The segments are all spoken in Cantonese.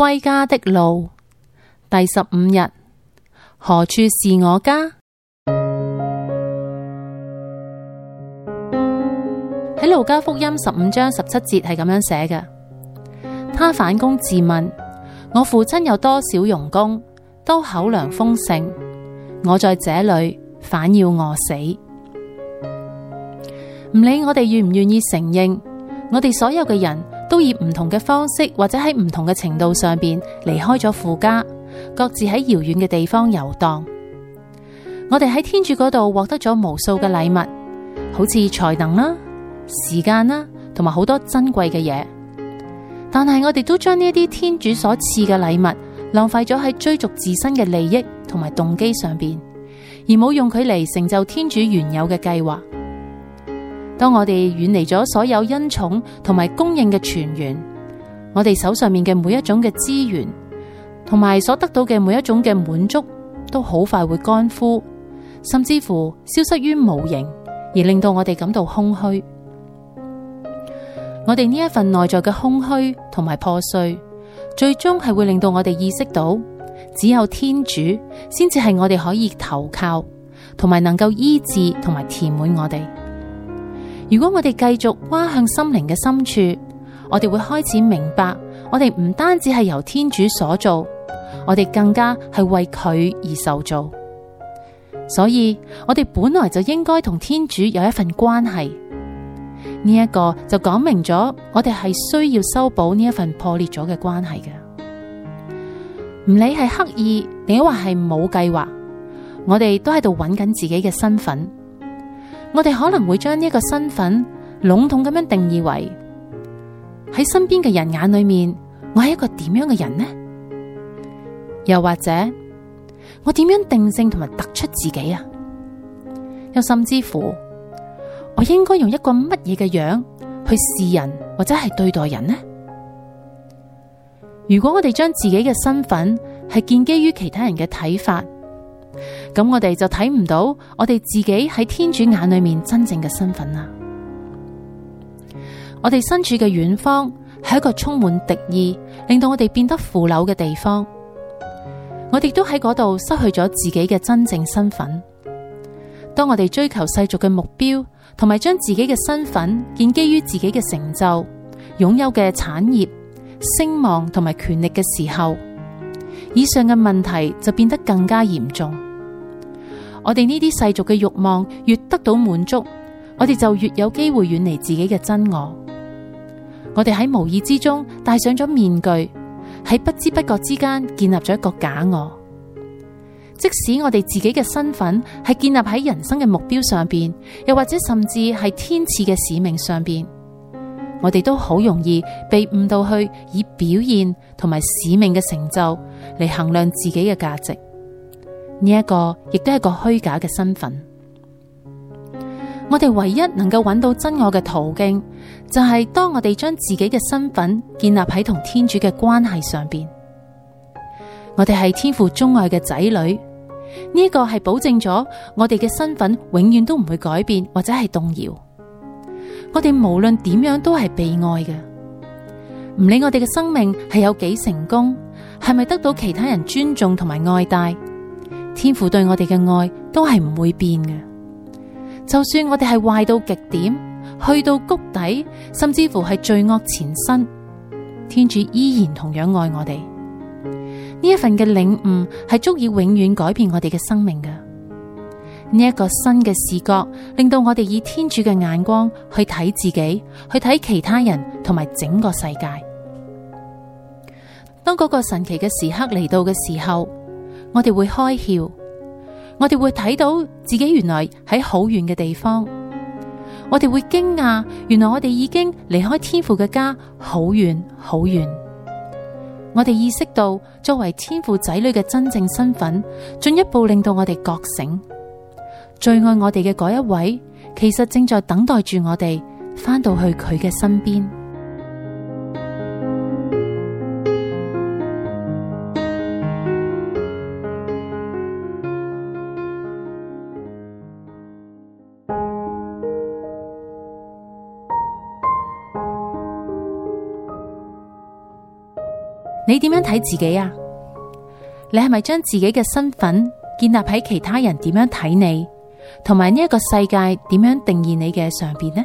歸家的路，第十五日，何處是我家？喺路加福音十五章十七節係咁樣寫嘅：他反躬自問，我父親有多少傭工，都口糧豐盛，我在這裏反要餓死。唔理我哋願唔願意承認，我哋所有嘅人。都以唔同嘅方式，或者喺唔同嘅程度上邊離開咗父家，各自喺遙遠嘅地方遊蕩。我哋喺天主嗰度獲得咗無數嘅禮物，好似才能啦、時間啦，同埋好多珍貴嘅嘢。但係我哋都將呢一啲天主所賜嘅禮物浪費咗喺追逐自身嘅利益同埋動機上邊，而冇用佢嚟成就天主原有嘅計劃。當我哋遠離咗所有恩寵同埋供應嘅泉源，我哋手上面嘅每一種嘅資源，同埋所得到嘅每一種嘅滿足，都好快會乾枯，甚至乎消失於無形，而令到我哋感到空虛。我哋呢一份內在嘅空虛同埋破碎，最終係會令到我哋意識到，只有天主先至係我哋可以投靠，同埋能夠醫治同埋填滿我哋。如果我哋繼續劃向心靈嘅深處，我哋會開始明白，我哋唔單止係由天主所造，我哋更加係為佢而受造。所以我哋本來就應該同天主有一份關係。呢一個就講明咗，我哋係需要修補呢一份破裂咗嘅關係嘅。唔理係刻意，你話係冇計劃，我哋都喺度揾緊自己嘅身份。我哋可能會將呢一個身份籠統咁樣定義為喺身邊嘅人眼裏面，我係一個點樣嘅人呢？又或者我點樣定性同埋突出自己啊？又甚至乎我應該用一個乜嘢嘅樣去示人或者係對待人呢？如果我哋將自己嘅身份係建基於其他人嘅睇法。咁我哋就睇唔到我哋自己喺天主眼裏面真正嘅身份啦。我哋身處嘅遠方係一個充滿敵意，令到我哋變得腐朽嘅地方。我哋都喺嗰度失去咗自己嘅真正身份。當我哋追求世俗嘅目標，同埋將自己嘅身份建基於自己嘅成就、擁有嘅產業、聲望同埋權力嘅時候，以上嘅問題就變得更加嚴重。我哋呢啲世俗嘅慾望越得到滿足，我哋就越有機會遠離自己嘅真我。我哋喺無意之中戴上咗面具，喺不知不覺之間建立咗一個假我。即使我哋自己嘅身份係建立喺人生嘅目標上面，又或者甚至係天賜嘅使命上面。我哋都好容易被誤導去以表現同埋使命嘅成就嚟衡量自己嘅價值，呢一個亦都係個虛假嘅身份。我哋唯一能夠揾到真我嘅途徑，就係當我哋將自己嘅身份建立喺同天主嘅關係上邊。我哋係天父鍾愛嘅仔女，呢個係保證咗我哋嘅身份永遠都唔會改變或者係動搖。我哋無論點樣都係被愛嘅，唔理我哋嘅生命係有幾成功，係咪得到其他人尊重同埋愛戴，天父對我哋嘅愛都係唔會變嘅。就算我哋係壞到極點，去到谷底，甚至乎係罪惡纏身，天主依然同樣愛我哋。呢一份嘅領悟係足以永遠改變我哋嘅生命嘅。呢一個新嘅視角，令到我哋以天主嘅眼光去睇自己，去睇其他人，同埋整個世界。當嗰個神奇嘅時刻嚟到嘅時候，我哋會開竅，我哋會睇到自己原來喺好遠嘅地方。我哋會驚訝，原來我哋已經離開天父嘅家好遠好遠。我哋意識到作為天父仔女嘅真正身份，進一步令到我哋覺醒。最愛我哋嘅嗰一位，其實正在等待住我哋返到去佢嘅身邊。 你點樣睇自己啊？你係咪將自己嘅身份建立喺其他人點樣睇你？同埋呢一個世界點樣定義你嘅上邊呢？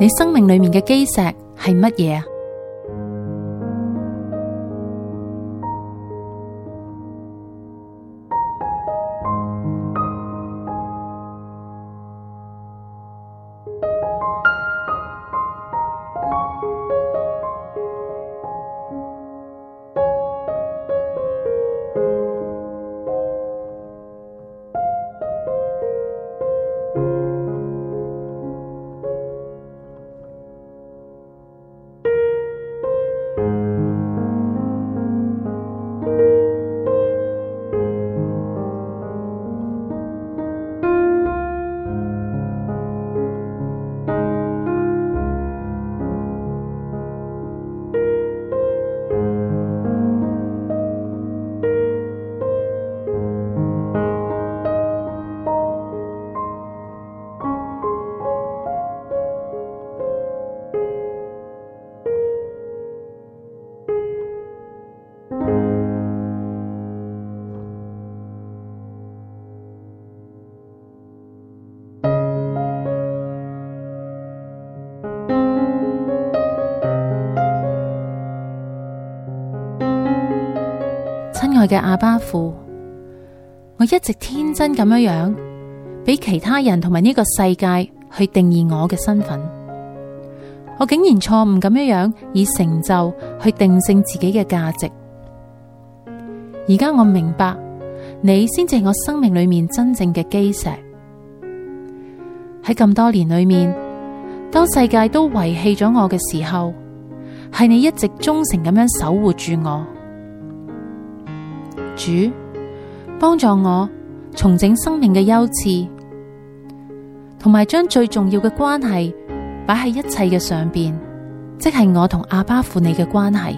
你生命裏面嘅基石係乜嘢啊？愛嘅阿爸父，我一直天真咁樣樣，俾其他人同埋呢個世界去定義我嘅身份。我竟然錯誤咁樣樣，以成就去定性自己嘅價值。而家我明白，你先至係我生命裏面真正嘅基石。喺咁多年裏面，當世界都遺棄咗我嘅時候，係你一直忠誠咁樣守護住我。主，幫助我重整生命嘅優次，同埋將最重要嘅關係擺喺一切嘅上邊，即係我同阿爸父你嘅關係。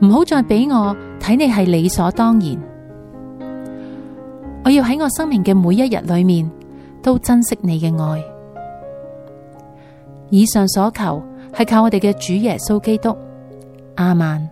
唔好再俾我睇你係理所當然。我要喺我生命嘅每一日裏面都珍惜你嘅愛。以上所求係靠我哋嘅主耶穌基督。亞孟。